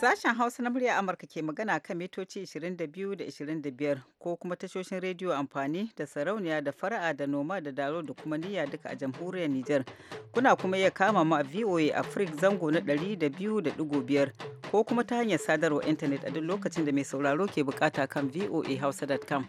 Sashen Hausa na murya Amurka ke magana kan mitoci 22 da 25 ko kuma tashoshin rediyo amfani da sarauniya da fara'a da noma da daro da kuma niyya duka a jamhuriyar Nijar. Kuna kuma iya kama ma VOA Africa zango na 200.5 ko kuma ta hanyar sadarwa intanet a duk lokacin da mai sauraro ke bukata kan voahausa.com.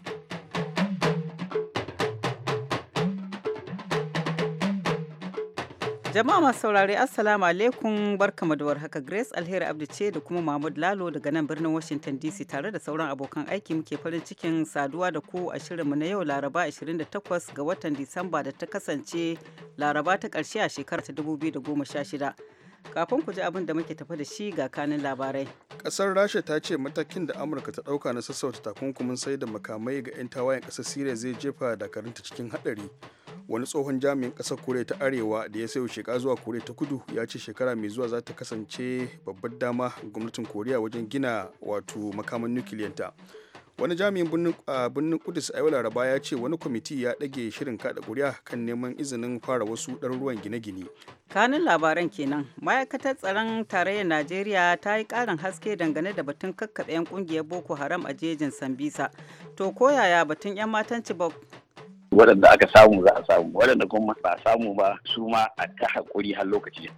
Jama'a masu saurare Assalamu alaikum barkamu da haka Grace Alheri Abdu ce da kuma Mahmud Lalo daga nan birnin Washington DC tare da sauran abokan aiki muke farin cikin saduwa da ku a shirinmu na yau Laraba 28 ga watan Disamba da ta kasance Laraba ta karshe a shekarar ta 2016. Kafin ku ji abin da muke tafa da shi ga kanin labarai. Kasar Rasha ta ce matakin da Amurka ta ɗauka na sassauta takunkumin sai da makamai ga 'yan tawayen ƙasar Siriya zai jefa da dakarunta cikin haɗari. Wani tsohon jami'in kasar Koriya ta Arewa da ya sayo sheka zuwa Koriya ta Kudu ya ce shekara mai zuwa za ta kasance babbar dama gwamnatin Koriya wajen gina wato makaman nukiliyanta. wani jami'in birnin kudus a yau laraba ya ce wani kwamiti ya ɗage shirin kada kuri'a kan neman izinin fara wasu ɗaruruwan gine-gine kanun labaran kenan ma'aikatar tsaron tarayyar najeriya ta yi ƙarin haske dangane da batun kakkaɓe 'yan ƙungiyar boko haram a jejin sambisa to koyaya batun 'yan matan cibok waɗanda aka samu za a samu waɗanda kuma ba samu ba su ma a ta haƙuri har lokaci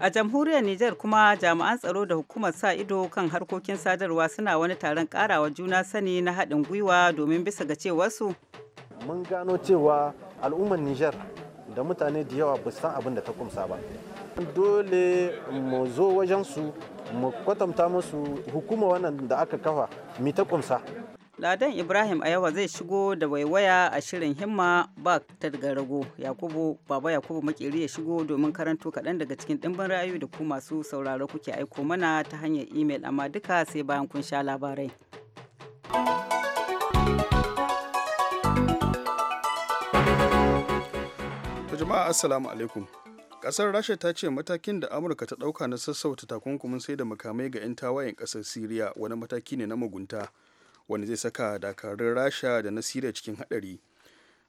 A jamhuriyar Nijar kuma jami'an tsaro da hukumar sa ido kan harkokin sadarwa suna wani taron karawa juna sani na haɗin gwiwa domin bisa ga cewarsu. Mun gano cewa al'ummar Nijar da mutane da yawa ba san abin da ta kumsa ba. Dole mu zo wajen su mu kwatanta musu hukuma wannan da aka kafa mi ta kumsa. Ladan Ibrahim a yawa zai shigo da waiwaya a shirin himma ba ta daga rago. Yakubu Baba Yakubu Makeri ya shigo domin karanto kaɗan daga cikin ɗimbin ra'ayoyi da ku masu sauraro kuke aiko mana ta hanyar imel amma duka sai bayan kun sha labarai. Jama'a Assalamu alaikum. Kasar Rasha ta ce matakin da Amurka ta ɗauka na sassauta takunkumin sai da makamai ga 'yan tawayen ƙasar Siriya wani mataki ne na mugunta. wanda zai saka dakarun rasha da na siriya cikin hadari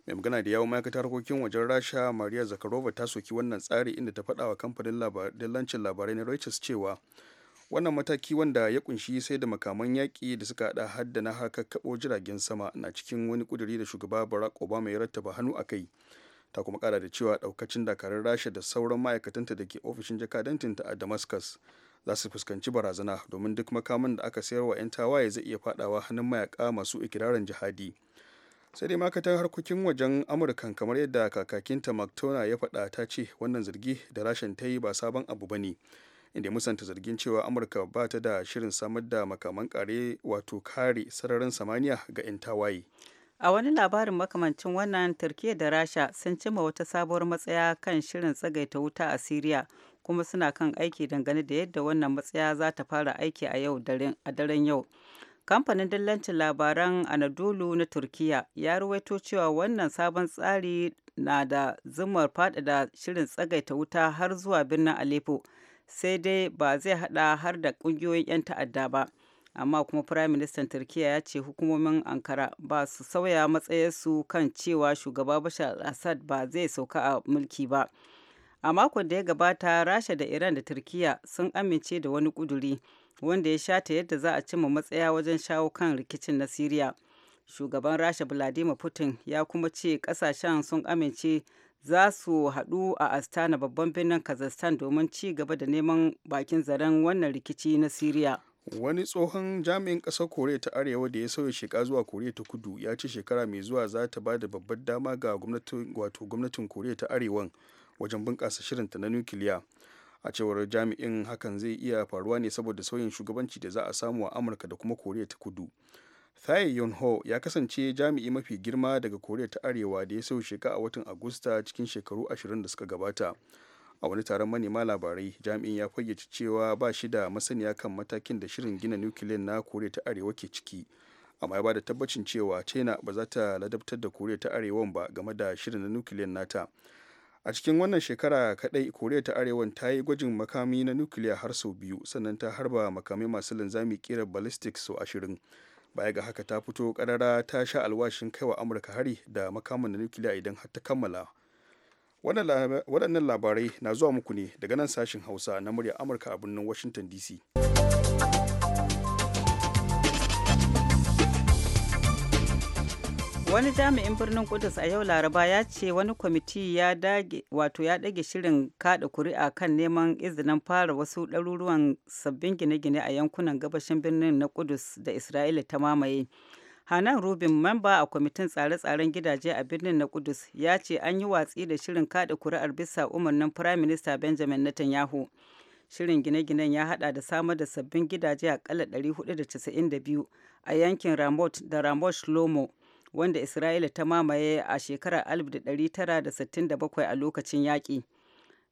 mai magana da yawon ma'aikatar harkokin wajen rasha maria zakarova ta soki wannan tsari inda ta faɗa wa kamfanin dillancin labarai na reuters cewa wannan mataki wanda ya kunshi sai da makaman yaƙi da suka haɗa har da na kaɓo jiragen sama na cikin wani ƙuduri da shugaba barack obama ya rattaba hannu a kai ta kuma ƙara da cewa ɗaukacin dakarun rasha da sauran ma'aikatanta da ke ofishin jakadantinta a damascus za su fuskanci barazana domin duk makaman da aka sayar wa 'yan tawaye zai iya fadawa hannun mayaka masu ikirarin jihadi sai dai makatar harkokin wajen amurka kamar yadda kakakinta mactona ya faɗa ta ce wannan zargi da rashin ta yi ba sabon abu ba ne inda musanta zargin cewa amurka ba ta da shirin samar da makaman kare wato kare sararin samaniya ga 'yan tawaye a wani labarin makamancin wannan turkiya da rasha sun cima wata sabuwar matsaya kan shirin tsagaita wuta a siriya kuma suna kan aiki dangane da yadda wannan matsaya za ta fara aiki a yau a daren yau kamfanin dillancin labaran anadolu na turkiyya ya ruwaito cewa wannan sabon tsari na da zumar faɗaɗa shirin tsagaita wuta har zuwa birnin aleppo sai dai ba zai hada har da ƙungiyoyin 'yan ta'adda ba amma kuma firayim ministan turkiya ya ce hukumomin ankara ba su sauya matsayarsu kan cewa shugaba bashar assad ba zai sauka a mulki ba a makon da ya gabata rasha da iran da turkiya sun amince da wani kuduri wanda ya shata yadda za a cimma matsaya wajen shawo kan rikicin na siriya shugaban rasha vladimir putin ya kuma ce kasashen sun amince za su haɗu a astana babban birnin kazakhstan domin ci gaba da neman bakin zaren wannan rikici na siriya wani tsohon jami'in ƙasar koriya ta arewa da ya sauya sheka zuwa koriya ta kudu ya ce shekara mai zuwa za ta ba da babbar dama ga gwamnatin koriya ta arewan wajen bunƙasa shirinta na nukiliya a cewar jami'in hakan zai iya faruwa ne saboda sauyin shugabanci da za a samu a amurka da kuma koriya ta kudu Thai Yun Ho ya kasance jami'i mafi girma daga Koriya ta Arewa da ya sau sheka a watan Agusta cikin shekaru ashirin da suka gabata. A wani taron manema labarai, jami'in ya fayyace cewa ba shi da masaniya kan matakin da shirin gina nukiliyan na Koriya ta Arewa ke ciki. Amma ya bada tabbacin cewa China ba za ta ladabtar da Koriya ta arewa ba game da shirin na nukiliyan nata. a cikin wannan shekara kadai koriya ta arewan ta yi gwajin makami na nukiliya har sau biyu sannan ta harba makami masu linzami kera ballistic sau ashirin baya ga haka ta fito karara ta sha alwashin kaiwa amurka hari da makamin na nukiliya idan har ta kammala waɗannan labarai na zuwa muku ne daga nan sashen hausa na murya amurka a birnin washington dc wani jami'in birnin kudus a yau laraba ya ce wani kwamiti ya dage wato ya dage shirin kada kuri'a kan neman izinin fara wasu ɗaruruwan sabbin gine-gine a yankunan gabashin birnin na kudus da isra'ila ta mamaye hanan rubin mamba a kwamitin tsare-tsaren gidaje a birnin na kudus ya ce an yi watsi da shirin kada kuri'ar bisa umarnin firayim minista benjamin netanyahu shirin gine-ginen ya hada da samar da sabbin gidaje a kala 492 a yankin ramot da ramot shlomo wanda Isra'ila ta mamaye a shekarar 1967 a lokacin yaƙi.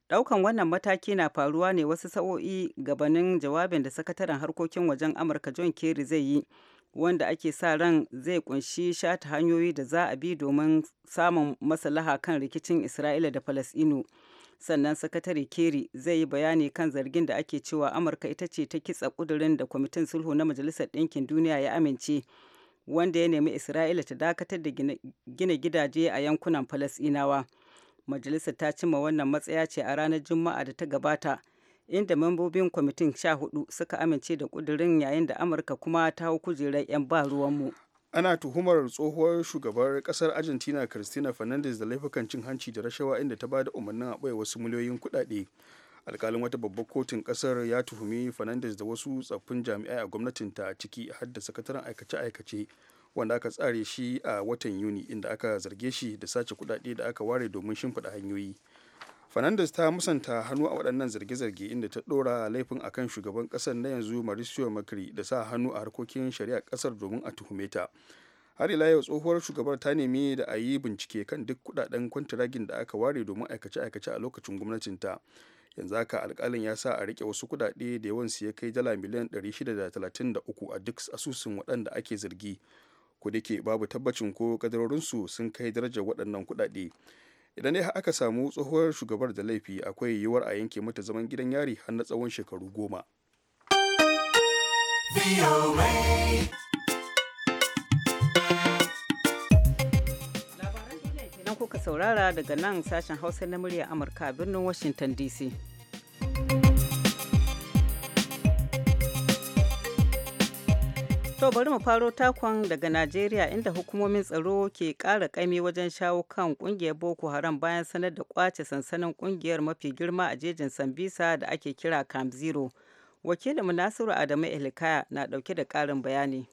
Daukan wannan mataki na faruwa ne wasu sa'o'i gabanin jawabin da sakataren harkokin wajen Amurka John Kerry zai yi, wanda ake sa ran zai kunshi shata hanyoyi da za a bi domin samun maslaha kan rikicin Isra'ila da Falasɗinu. sannan sakatare kerry zai yi bayani kan zargin da ake cewa amurka ita ce ta kitsa kudurin da kwamitin sulhu na majalisar ɗinkin duniya ya amince wanda ya nemi isra'ila ta dakatar da gina gidaje a yankunan falasinawa majalisa ta cimma wannan matsaya ce a ranar juma'a da ta gabata inda membobin kwamitin sha hudu suka amince da kudirin yayin da amurka kuma ta hau kujerar 'yan ba ruwanmu ana tuhumar tsohuwar shugabar kasar argentina cristina fernandez da laifukan cin hanci da rashawa inda ta ba da umarnin a wasu miliyoyin kuɗaɗe alkalin wata babbar kotun kasar ya tuhumi fernandes da wasu tsaffin jami'ai a gwamnatinta ta ciki har da sakataren aikace-aikace wanda aka tsare shi a watan yuni inda aka zarge shi da sace kudade da aka ware domin shimfiɗa hanyoyi fernandes ta musanta hannu a waɗannan zarge-zarge inda ta ɗora laifin akan shugaban ƙasar na yanzu mauricio macri da sa hannu a harkokin shari'a ƙasar domin a tuhume ta har ila yau tsohuwar shugabar ta nemi da a yi bincike kan duk kudaden kwantiragin da aka ware domin aikace-aikace a lokacin gwamnatinta yanzu haka alkalin ya sa a rike wasu kudade da yawansu ya kai dala miliyan 633 a duk asusun waɗanda ake zargi ko da ke babu tabbacin ko kadarorinsu sun kai darajar waɗannan kudade idan dai aka samu tsohuwar shugabar da laifi akwai yiwuwar a yanke mata zaman gidan yari har na tsawon shekaru goma. saurara daga nan sashen Hausa na murya Amurka birnin Washington DC. To bari mu faro takon daga Najeriya inda hukumomin tsaro ke kara kaimi wajen shawo kan kungiyar Boko Haram bayan sanar da kwace sansanin kungiyar mafi girma a jejin Sambisa da ake kira Camp Zero. Wakilin Nasiru Adamu Elikaya na dauke da karin bayani.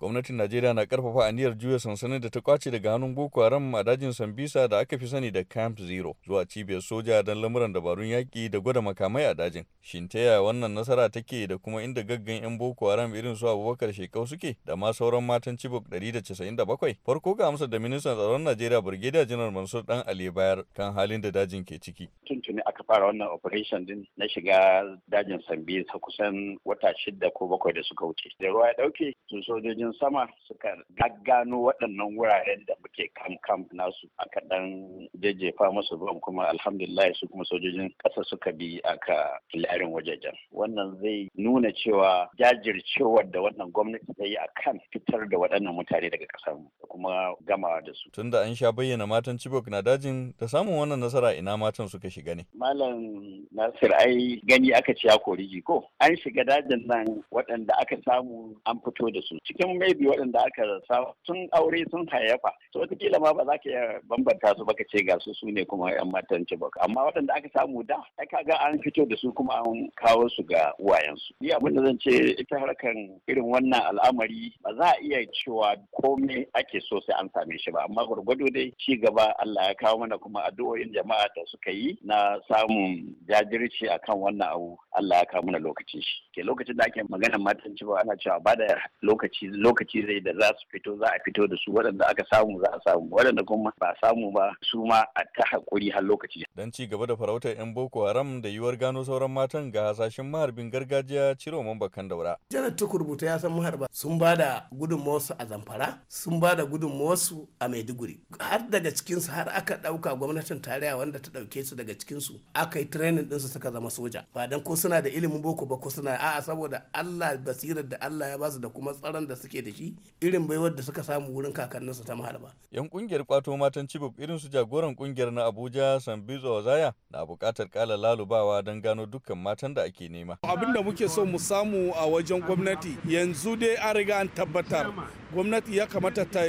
gwamnatin najeriya na karfafa aniyar juya sansanin da ta kwace daga hannun boko haram a dajin sambisa da aka fi sani da camp zero zuwa cibiyar soja don lamuran dabarun yaƙi da gwada makamai a dajin shin ta yaya wannan nasara take da kuma inda gaggan yan boko haram irin su abubakar shekau suke da ma sauran matan cibok bakwai farko ga amsa da ministan tsaron najeriya brigadier janar mansur dan ali bayar kan halin da dajin ke ciki tuntuni aka fara wannan operation din na shiga dajin sambisa kusan wata shida ko bakwai da suka wuce da ruwa ya ɗauke sun sojojin sojojin sama suka gaggano waɗannan wuraren da ke kam kam nasu aka dan jajjefa masu ruwan kuma alhamdulillah su kuma sojojin ƙasa suka bi aka larin wajajen wannan zai nuna cewa jajircewar da wannan gwamnati ta yi a kan fitar da waɗannan mutane daga ƙasar mu da kuma gama da su tunda an sha bayyana matan Chibok na dajin da samun wannan nasara ina matan suka shiga ne malam Nasir ai gani aka ci kori ko an shiga dajin nan waɗanda aka samu an fito da su cikin maybe waɗanda aka samu sun aure sun hayafa so watakila ma ba za ka bambanta su baka ce ga su su ne kuma yan matan ba amma waɗanda aka samu da ai ga an fito da su kuma an kawo su ga uwayensu ni abin da zan ce ita harkan irin wannan al'amari ba za a iya cewa komai ake so sai an same shi ba amma gwargwado dai ci gaba Allah ya kawo mana kuma addu'o'in jama'a da suka yi na samun jajirci akan wannan abu Allah ya kawo mana lokacin shi ke lokacin da ake magana matan ba ana cewa ba da lokaci lokaci zai da za su fito za a fito da su waɗanda aka samu za a samu waɗanda kuma ba samu ba su ma a ta hakuri har lokaci. Don ci gaba da farautar 'yan Boko Haram da yiwuwar gano sauran matan ga hasashen maharbin gargajiya Ciro Mambakan Daura. Janar Tukurbuta ya san maharba sun ba da gudunmawarsu a Zamfara sun ba da gudunmawarsu a Maiduguri. Har daga cikinsu har aka ɗauka gwamnatin tarayya wanda ta ɗauke su daga cikinsu aka yi din su suka zama soja. Ba dan ko suna da ilimin boko ba ko suna a'a saboda Allah basirar da Allah ya basu da kuma tsaron da suke da shi irin baiwar da suka samu wurin kakanninsu ta maharba. Yan kungiyar kwato matan cibok irin su jagoran kungiyar na Abuja Sambizo zaya na buƙatar kala lalubawa don gano dukkan matan da ake nema. Abin da muke so mu samu a wajen gwamnati yanzu dai an riga an tabbatar gwamnati ya kamata ta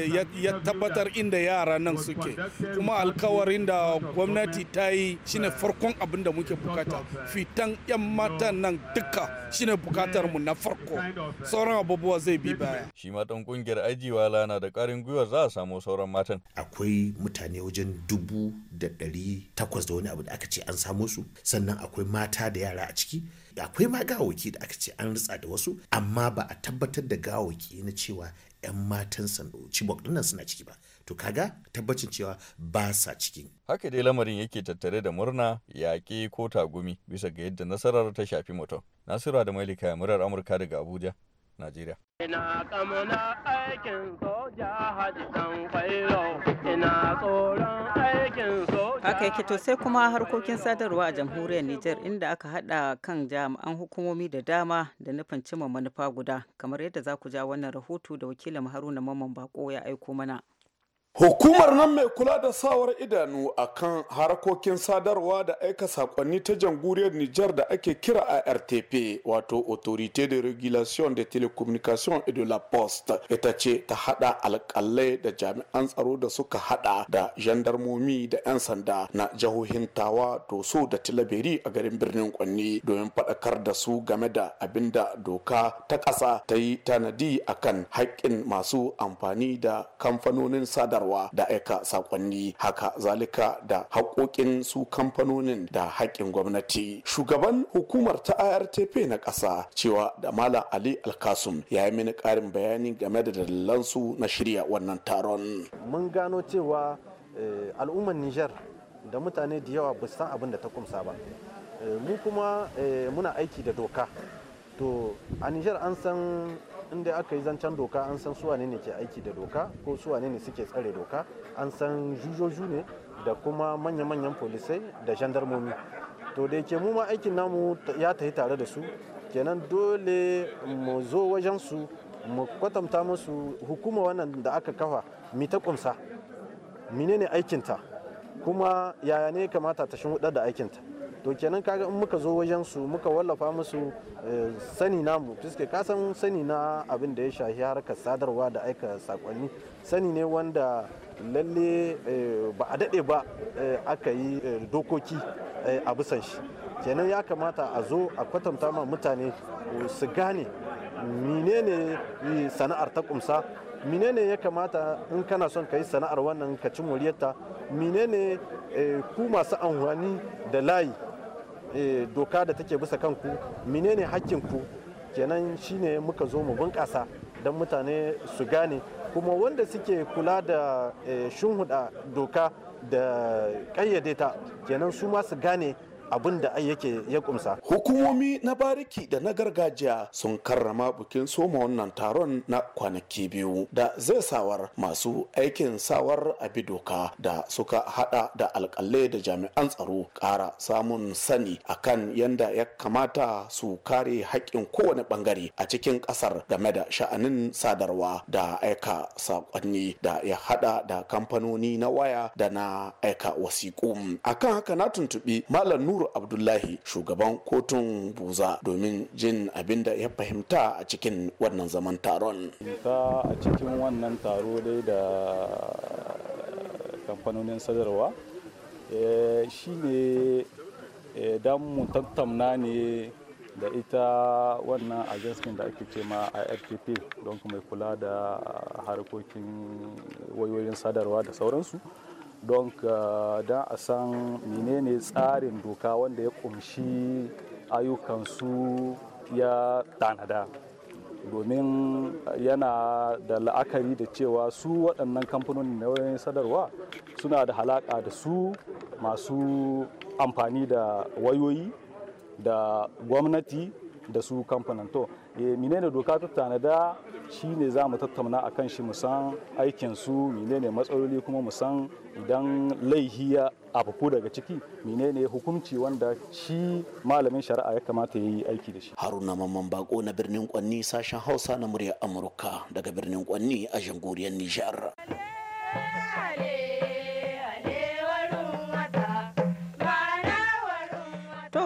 ya tabbatar inda yara nan suke kuma alkawarin da gwamnati ta yi shine farkon abin da muke bukata fitan 'yan matan nan duka shine bukatar mu na farko sauran abubuwa zai bi baya shi ma dan kungiyar ajiwa lana da karin gwiwa za a samu sauran matan akwai mutane wajen dubu da ɗari takwas da wani abu da aka ce an samo su sannan akwai mata da yara a ciki akwai ma gawaki da aka ce an ritsa da wasu amma ba a tabbatar da gawaki na cewa 'yan matan Chibok dinnan suna ciki ba. To kaga tabbacin cewa ba sa ciki. Haka dai lamarin yake tattare da murna, yaƙi ko tagumi bisa ga yadda nasarar ta shafi mutum. Nasira da Malika murar Amurka daga Abuja, Najeriya. Ina kamuna aikin soja hajji dan ina tsoron kai to sai kuma harkokin sadarwa a jamhuriyar Nijar inda aka hada kan jami'an hukumomi da dama da nufin cimma manufa guda kamar yadda za ku ja wannan rahoto da wakilin Haruna Mamman Bako ya aiko mana. Hukumar nan mai kula da sawar idanu a kan harkokin sadarwa da aika sakonni ta jamhuriyar Nijar da ake kira ARTP wato Autorité de regulation de telecommunication et de la Poste ita ce ta hada alkalai da jami'an tsaro da suka hada da jandarmomi da 'yan sanda na jihohin Tawa, Doso da Tilaberi a garin birnin Kwanni domin faɗakar da su game da abin da doka ta ƙasa ta yi tanadi akan haƙƙin masu amfani da kamfanonin sadarwa. sadarwa da aika sakonni haka zalika da haƙoƙin su kamfanonin da haƙƙin gwamnati shugaban hukumar ta irtp na ƙasa cewa da malam ali alkasum ya yi mini ƙarin bayani game da dalilansu na shirya wannan taron mun gano cewa eh, al'ummar niger da mutane da yawa ba san abin da ta kumsa ba eh, mu kuma eh, muna aiki da doka to a niger an san inda aka yi zancen doka an san suwane ne ke aiki da doka ko suwane ne suke tsare doka an san jujoju ne da kuma manya-manyan polisai da gendarmomi to da ke mu ma aikin namu ya tafi tare da su kenan dole mu zo wajen su mu kwatanta musu hukuma wannan da aka kafa mi ta kumsa menene aikinta kuma yaya ne kamata ta shin da aikinta to kenan kaga in muka zo wajen su muka wallafa musu eh, sani namu fiske ka san sani na abin da ya shahi harkar sadarwa da aika sakonni sani ne wanda lalle eh, ba a daɗe ba eh, aka yi dokoki a bisan shi kenan ya kamata a zo a kwatanta ma mutane su gane menene sana'ar ta kumsa menene ya kamata in kana son ka yi sana'ar wannan ka ci moriyarta menene ku masu amfani da layi Eh, doka da take bisa kanku menene hakkinku kenan shine muka zo mu bunƙasa don mutane su gane kuma wanda suke kula da eh, shunhuda doka da ƙayyade ta kenan su ma su gane abin da ai yake ya kumsa hukumomi na bariki da na gargajiya sun karrama bikin soma wannan taron na kwanaki biyu da zai sawar masu aikin sawar abi doka da suka hada da alkalai da jami'an tsaro kara samun sani akan yadda ya kamata su kare haƙƙin kowane bangare a cikin ƙasar game da sha'anin sadarwa da aika saƙonni da ya hada da kamfanoni na waya da na aika wasiƙu akan haka na tuntuɓi malam Nuru Abdullahi shugaban kotun Buza domin jin abin da ya fahimta a cikin wannan zaman taron. Ta a cikin wannan taro dai da kamfanonin sadarwa eh, shi ne eh, don mu tattauna ne da ita wannan agency da ake ce ma irtp don mai kula da harkokin wayoyin sadarwa da sauransu. don don a san menene tsarin doka wanda ya kumshi ayyukansu ya tanada domin yana da la'akari da cewa su waɗannan kamfanonin wayoyin sadarwa suna da halaƙa da su masu amfani da wayoyi da gwamnati da su kamfanin to Eh, menene doka ta tanada shine za mu tattauna akan shi mu san aikin su menene matsaloli kuma mu san idan laihi ya daga ciki menene hukunci wanda shi malamin shari'a ya kamata ya yi aiki da shi haruna mamman bako na birnin kwanni sashen hausa na muryar amurka daga birnin kwanni a jamhuriyar nijar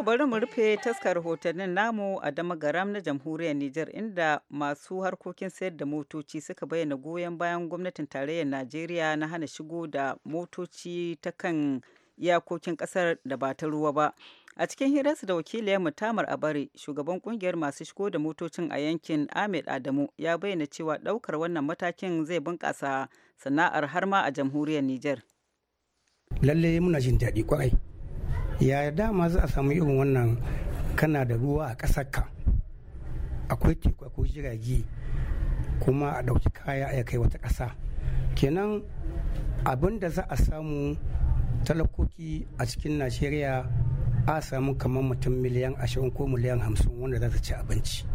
bari mu rufe taskar hotonin namu a dama garam na jamhuriyar Nijar inda masu harkokin sayar da motoci suka bayyana goyon bayan gwamnatin tarayyar Najeriya na hana shigo da motoci ta kan iyakokin kasar da ba ta ruwa ba. A cikin hirarsa da wakiliyar Mutamar Abare, shugaban kungiyar masu shigo da motocin a yankin Ahmed Adamu ya bayyana cewa daukar wannan matakin zai bunƙasa sana'ar har ma a jamhuriyar Nijar. Lalle muna jin daɗi kwarai. yaya dama za a samu irin wannan kana da ruwa a ƙasarka akwai teku akwai jirage kuma a ɗauki kaya a kai wata ƙasa kenan abin da za a samu talakoki a cikin najeriya a samu kamar mutum miliyan ashirin ko miliyan hamsin wanda za su ci abinci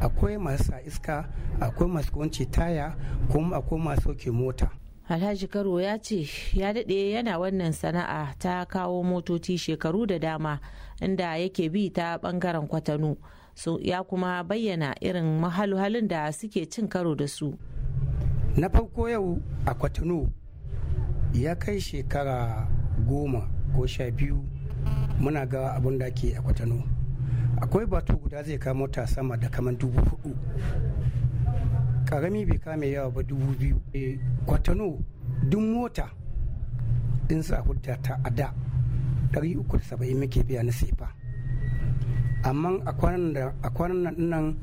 akwai masu sa iska akwai masu kwanci taya kuma akwai masu soke mota alhaji karo ya ce ya daɗe yana wannan sana'a ta kawo motoci shekaru da dama inda yake bi ta ɓangaren kwatano so, ya kuma bayyana irin mahalhalin da suke cin karo da su na farko yau a kwatano ya kai shekara goma ko sha biyu muna ga abin da ke a kwatano akwai bato guda zai kama mota sama da kaman dubu hudu karami bai kame yawa ba dubu biyu eh, kwatano duk mota din su a hudda ta a da 370 muke biya na sefa amma a kwanan nan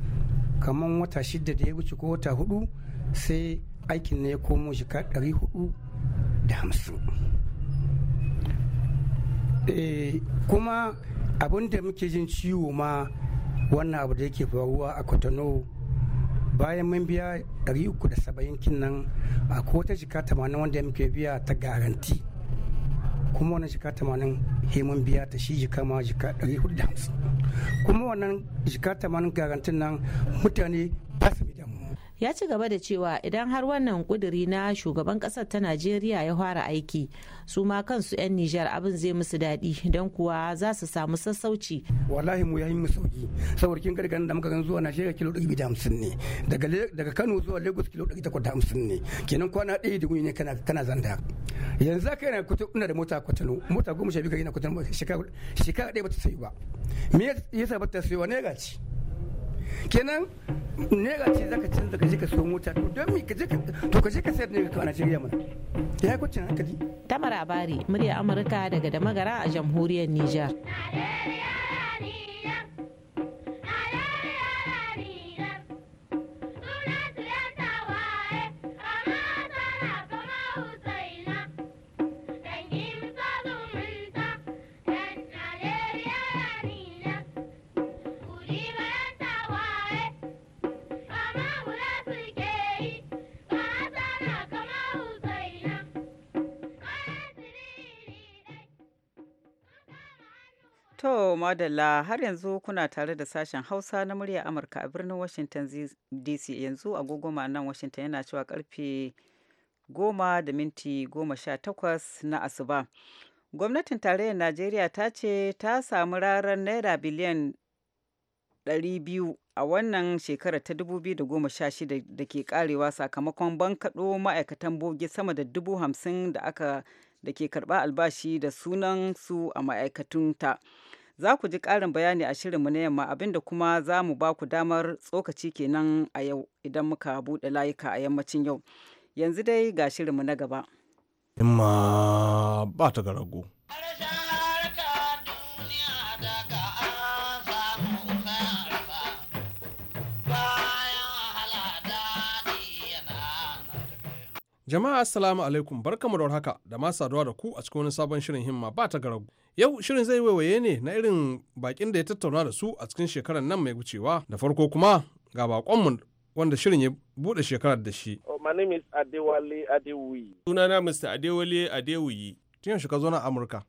kamar wata shida da ya wuce ko wata hudu sai aikin ne ya komo ka 450 eh, kuma abinda muke jin ciwo ma wannan abu da yake faruwa a kwatano bayan mun biya 370 kin nan a kota jika 80 wanda muke biya ta garanti kuma wannan jika 80 he mun biya ta shi jika ma jika 450 kuma wannan jika 80 garantin nan mutane ya ci gaba da cewa idan har wannan kuduri na shugaban kasar ta najeriya ya fara aiki su ma kansu 'yan nijar abin zai musu daɗi don kuwa za su samu sassauci wallahi mu yayin mu sauki saboda kin gargan da muka gan zuwa najeriya kilo 150 ne daga kano zuwa lagos kilo 850 ne kenan kwana ɗaya da ne kana kana zanda yanzu aka na kutu ina da mota kwatano mota goma sha biyu ka na kwatano shekara ɗaya ba ta sayi ba me yasa ba ta sayi wa ne gaci kenan ga ce zaka canza ka je ka so mota to don me ka je ka to ka je ka sayar ne ka a shirya mana ya ku cin hankali Tamara Bari murya Amurka daga Damagara a jamhuriyar Nijar. To Madalla har yanzu kuna tare da sashen Hausa na murya Amurka a birnin Washington DC yanzu goma nan Washington yana cewa karfe goma da minti goma sha takwas na asuba. Gwamnatin tarayyar Najeriya ta ce ta samu rarar naira biliyan 200 a wannan shekarar ta 2016 da ke karewa sakamakon bankaɗo ma'aikatan bogi sama da dubu hamsin da aka da ke karɓa albashi da sunan su a ma'aikatunta. Za ku ji ƙarin bayani a shirinmu na yamma abinda kuma za mu ba ku damar tsokaci kenan a yau idan muka buɗe layuka a yammacin yau. Yanzu dai ga shirinmu na gaba. Imma ba ta garago. Jama'a assalamu alaikum barkamu da haka da ma saduwa da ku a cikin wani sabon shirin himma ba ta garagu. Yau shirin zai waiwaye ne na irin bakin da ya tattauna da su a cikin shekarar nan mai wucewa. Da farko kuma ga bakonmu wanda shirin ya bude shekarar da shi. Oh, my name is Adewale Adewuyi. Sunana Mr. Adewale Adewuyi. Tun yaushe ka zo na Amurka?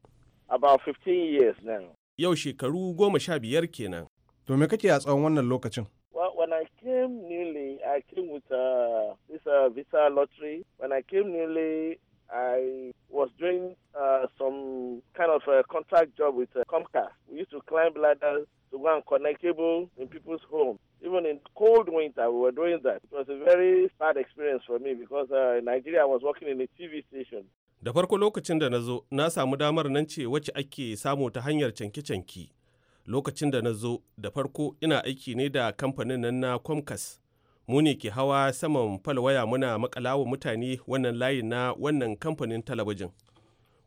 About 15 years now. Yau shekaru goma sha biyar kenan. To me kake a tsawon wannan lokacin? Well, when I came newly I came with uh, this uh, visa lottery. When I came newly, I was doing uh, some kind of a contract job with uh, Comcast. We used to climb ladders to go and connect cable in people's homes. Even in cold winter, we were doing that. It was a very sad experience for me because uh, in Nigeria, I was working in a TV station. Da farko lokacin da na zo, na samu damar nan ce wacce ake samu ta hanyar canke-canke. Lokacin da na zo, da farko ina aiki ne da kamfanin nan na Comcast. mu ne ke hawa saman falwaya muna makalawa mutane wannan layi na wannan kamfanin talabijin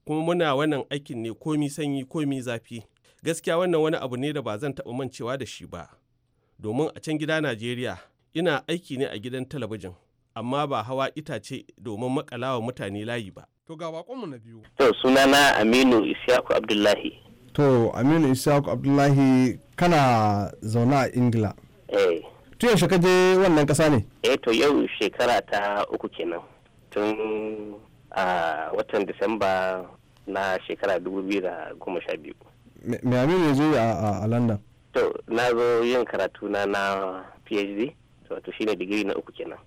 kuma muna wannan aikin ne komi sanyi komi zafi gaskiya wannan wani abu ne da ba zan taɓa mancewa da shi ba domin a can gida najeriya ina aiki ne a gidan talabijin amma ba hawa itace domin makalawa mutane layi ba to ga mu na biyu to sunana aminu isyaku abdullahi to aminu isyaku abdullahi kana zaune a ingila eh tun yaushe ka je wannan kasa ne eh to yau shekara ta uku kenan tun a watan disamba na shekara 2012 me aminu ya zo a london to na zo yin karatu na na phd wato shine digiri na uku kenan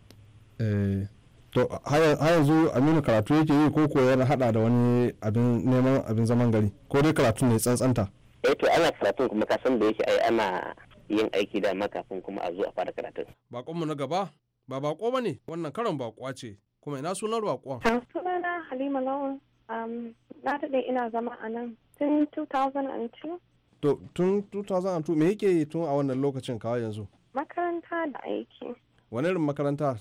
eh, to har yanzu aminu karatu yake yi ko koyar hada da wani abin neman abin zaman gari ko dai karatu ne tsantsanta eh to ana karatun kuma ka san da yake ai ana yin aiki da kafin kuma a zo a fara karatun. Bakonmu na gaba ba bako ba ne wannan karon bakuwa ce kuma ina sunar bakon. Sunana Halima Lawan na daɗe ina zama a nan tun 2002. To tun 2002 me yake yi tun a wannan lokacin kawai yanzu? Makaranta da aiki. Wani irin makaranta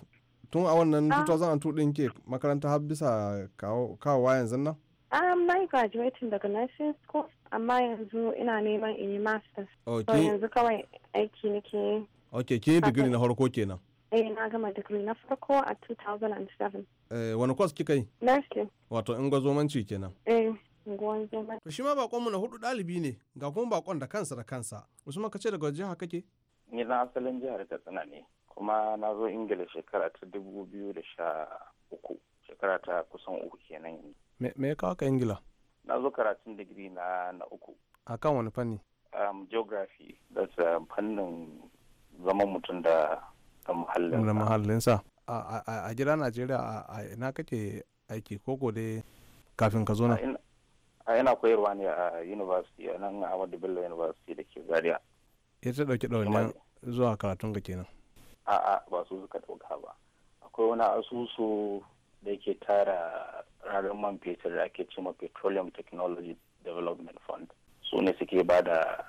tun a wannan 2002 ah. ɗin ke makaranta har bisa kawowa yanzu nan? Um, na yi graduating daga nursing school amma yanzu ina neman in yi masters So yanzu kawai aiki nake ok ke yi digiri na farko kenan eh na gama digiri na farko a 2007 eh wani course kika yi nursing wato ingwazomanci kenan eh To shi ma bakonmu na hudu ɗalibi ne ga kuma bakon da kansa da kansa. Usman ka ce daga jiha kake? Ni na asalin jihar Katsina ne kuma na zo Ingila shekara ta dubu biyu da sha uku shekara ta kusan uku kenan. Me ya kawo ka Ingila? na zo karatun digiri na na uku a kan wani fanni um, geography da um, fannin zaman mutum da muhallin da muhallinsa a gida najeriya a ina kake aiki ko gode. kafin ka zo na a yana koyarwa ne a university a nan amadu bello university da ke zaria ya ta dauki ɗaunin zuwa karatun ka kenan a a ba su suka dauka ba akwai wani asusu da ke tara ranar man fetur da ake cima petroleum technology development fund su ne suke ba da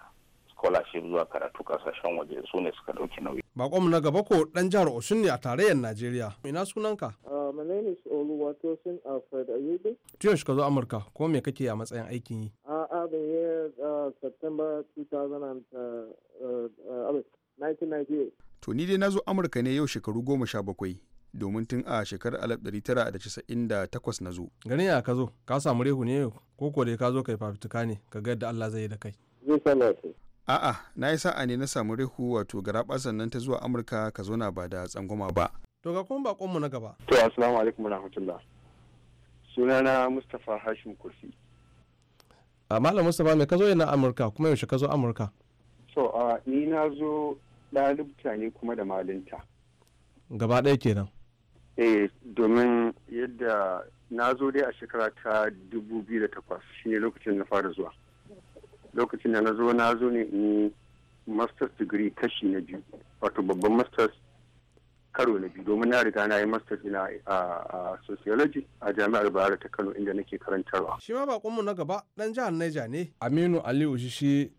scholarship zuwa karatu kasashen waje su ne suka dauki nauyi bakon na gaba ko dan jihar osun ne a tarayyar najeriya ina sunanka uh, my name is Oluwatosin Alfred Ayubi. shi ka zo Amurka, ko me kake a matsayin aikin yi? a uh, abin here uh, September 2000 1998. To ni dai na zo Amurka ne yau shekaru goma sha bakwai domin tun a shekarar 1998 na zo. Gani ya ka zo, ka samu rehu ne ko ko dai ka zo kai fafituka ne ka ga yadda Allah zai yi da kai. A'a, na yi sa'a ne na samu rehu wato garaɓar sannan ta zuwa Amurka ka zo na ba da tsangwama ba. To ga kuma bakonmu na gaba. To assalamu alaikum rahmatullah. Sunana Mustapha Hashim Kursi. A ah, Malam Mustapha me ka zo yana Amurka kuma yaushe ka zo Amurka? So a ah, ni na zo ɗalibta ne kuma da malinta. Gaba ɗaya kenan. eh domin yadda na zo dai a shekara ta 2008 shine lokacin na fara zuwa lokacin da na zo na zo ne in masters degree kashi na biyu wato babban masters karo na biyu domin na riga na yi masters ina a sociology a jami'ar bayero ta kano inda nake karantarwa shi ma bakonmu na gaba dan jihar naija ne aminu aliyu shi shi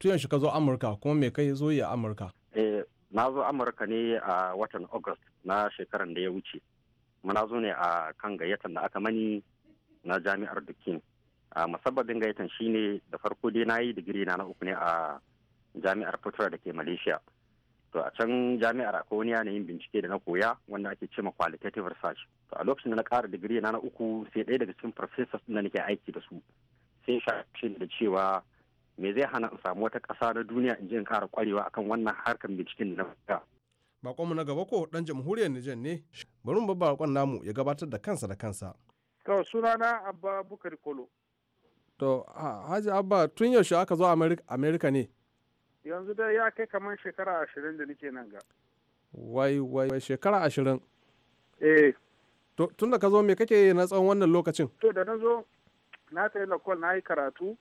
tuyan shi ka zo amurka kuma me kai zo yi a amurka eh, na zo amurka ne a watan august na shekaran da ya wuce muna zo ne a kan gayyatan da aka mani na jami'ar dukkin a musabbabin gayyatan shine da farko dai na yi digiri na na uku ne a jami'ar fitar da ke malaysia to a can jami'ar akwai wani yanayin bincike da na koya wanda ake cema qualitative research to a lokacin da na kara digiri na na uku sai ɗaya daga cikin professors na nake aiki da su sai shafi da cewa me zai hana in samu wata ƙasa na duniya in je in kara kwarewa akan wannan harkar binciken da na fita bakonmu na gaba ko dan jamhuriyar Nijar ne. Bari mu bakon namu ya gabatar da kansa da kansa. To sunana Abba Bukari Kolo. To Haji Abba tun yaushe aka zo Amerika ne? Yanzu dai ya kai kamar shekara ashirin da nake nan ga. Wai wai shekara ashirin. Eh. To tun da ka zo me kake yi na tsawon wannan lokacin? To da na zo na yi lakwal na yi karatu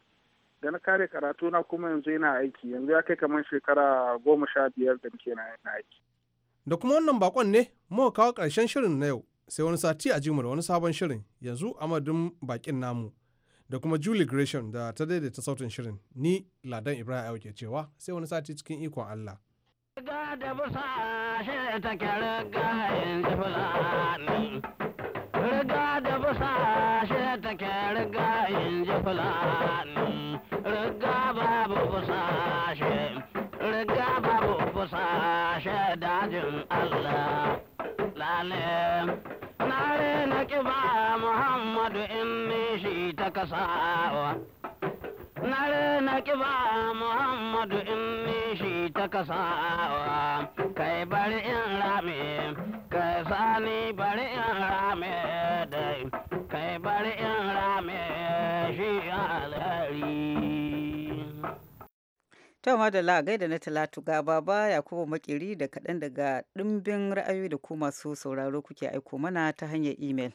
da na kare karatu na kuma yanzu yana aiki yanzu ya kai kamar shekara goma sha biyar da nike na aiki. da kuma wannan bakon ne muka kawo ƙarshen shirin na yau sai wani sati a jimu da wani sabon shirin yanzu a madadin bakin namu da kuma julie gresham da ta daidaita sautin shirin ni ladan ibrahim ke cewa sai wani sati cikin ikon allah Riga da busa shi take riga yin fulani. Riga babu busa ta kasawa. Nare na kiba Muhammadu in ni shi ta kasawa, kai bari in rame, kai sani bari in rame dai, kai bari in rame shi alhari. To madalla gaida na talatu ga baba kuma Makiri da kaɗan daga ɗimbin ra'ayoyi da ku masu sauraro kuke aiko mana ta hanyar imel.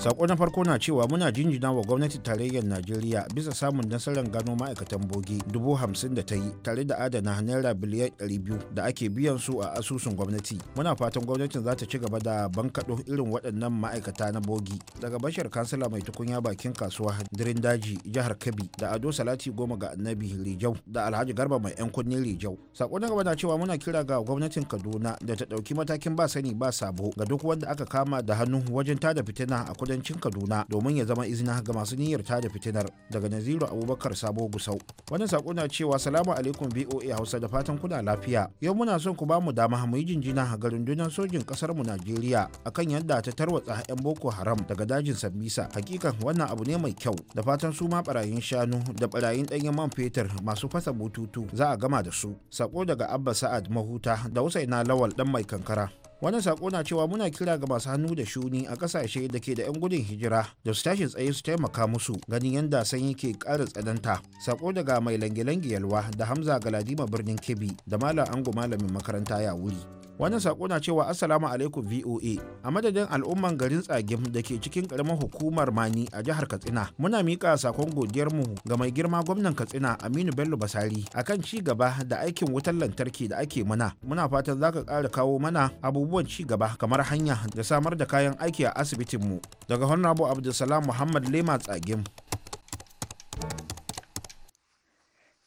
sako na farko na cewa muna jinjina wa gwamnati tarayyar najeriya bisa samun nasarar gano ma'aikatan bogi dubu hamsin da ta yi tare da adana naira biliyan ɗari biyu da ake biyan su a asusun gwamnati muna fatan gwamnatin za ta ci gaba da bankaɗo irin waɗannan ma'aikata na bogi daga bashar kansila mai tukunya bakin kasuwa dirin daji jihar kabi da ado salati goma ga annabi rijau da alhaji garba mai yan kunnen rijau sako na gaba na cewa muna kira ga gwamnatin kaduna da ta ɗauki matakin ba sani ba sabo ga duk wanda aka kama da hannu wajen tada fitina a kudancin kaduna domin ya zama izina ga masu niyyar tada fitinar daga naziru abubakar sabo gusau wannan sako na cewa salamu alaikum voa hausa da fatan kuna lafiya yau muna son ku bamu dama mu yi jinjina ga rundunar sojin kasar mu najeriya akan yadda ta tarwatsa 'yan boko haram daga dajin sabisa hakikan wannan abu ne mai kyau da fatan su ma barayin shanu da barayin ɗanyen man fetur masu fasa bututu za a gama da su sako daga abba sa'ad mahuta da husaina lawal dan mai kankara wannan sako na cewa muna kira ga masu hannu da shuni a kasashe da ke da 'yan gudun hijira da su tashi tsaye su taimaka musu ganin yadda sanyi ke ƙara tsananta sako daga mai lange-lange yalwa da hamza galadima birnin kebbi da malam ango malamin makaranta ya wuri wannan sako na cewa assalamu alaikum voa a madadin al'umman garin tsagim da ke cikin karamar hukumar mani a jihar katsina muna mika sakon godiyar mu ga mai girma gwamnan katsina aminu bello basari akan ci gaba da aikin wutar lantarki da ake mana muna fatan za ka ƙara kawo mana abubuwan ci gaba kamar hanya da samar da kayan aiki a asibitinmu daga honorable abdulsalam muhammad lema tsagim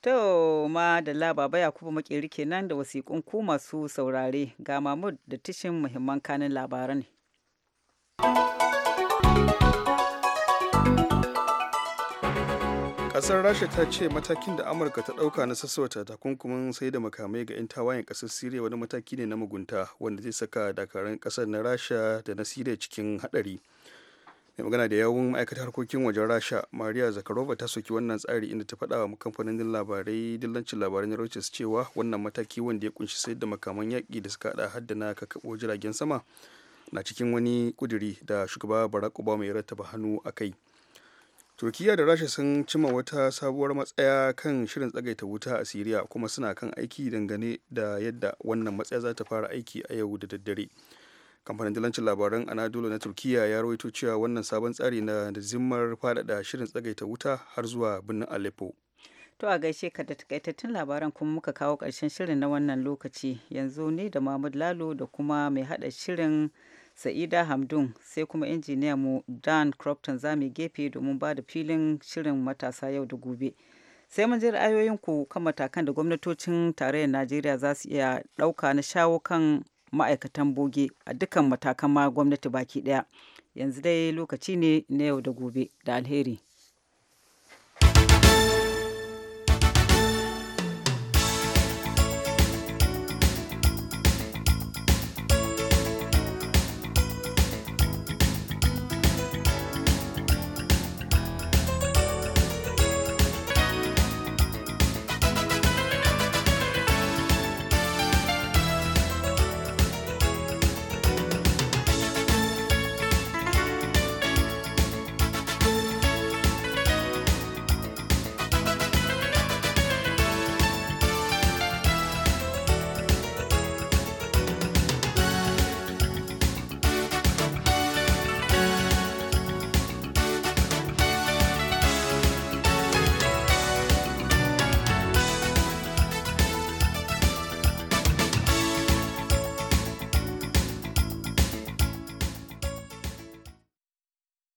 To madalla ya kuma makeri kenan da wasiƙun ku masu saurare ga Mahmud da tishin muhimman kanin labaran. Ƙasar Rasha ta ce matakin da Amurka ta ɗauka na sassauta takunkumin sai da makamai ga 'yan tawayen ƙasar Siriya wani mataki ne na mugunta wanda zai saka dakarun ƙasar na Rasha da na Siriya cikin haɗari. mai magana da yawun ma'aikatar harkokin wajen rasha maria zakarova ta soki wannan tsari inda ta faɗa wa kamfanin labarai dillancin labarai na reuters cewa wannan mataki wanda ya kunshi sayar da makaman yaƙi da suka haɗa hadda na kakaɓo jiragen sama na cikin wani kuduri da shugaba barack obama ya rattaba hannu a kai turkiya da rasha sun cima wata sabuwar matsaya kan shirin tsagaita wuta a siriya kuma suna kan aiki dangane da yadda wannan matsaya za ta fara aiki a yau da daddare kamfanin dalancin labaran anadolu na turkiya ya rawaito cewa wannan sabon tsari na da zimmar faɗaɗa shirin tsagaita wuta har zuwa birnin aleppo To a gaishe ka da takaitattun labaran kuma muka kawo ƙarshen shirin na wannan lokaci yanzu ne da Mahmud Lalo da kuma mai haɗa shirin Sa'ida Hamdun sai kuma injiniya mu Dan Crofton za mu gefe domin ba da filin shirin matasa yau da gobe. Sai mun ji ra'ayoyinku kan matakan da gwamnatocin tarayyar Najeriya za su iya ɗauka na shawo kan ma'aikatan boge a dukkan matakan ma gwamnati baki daya yanzu dai lokaci ne na yau da gobe da alheri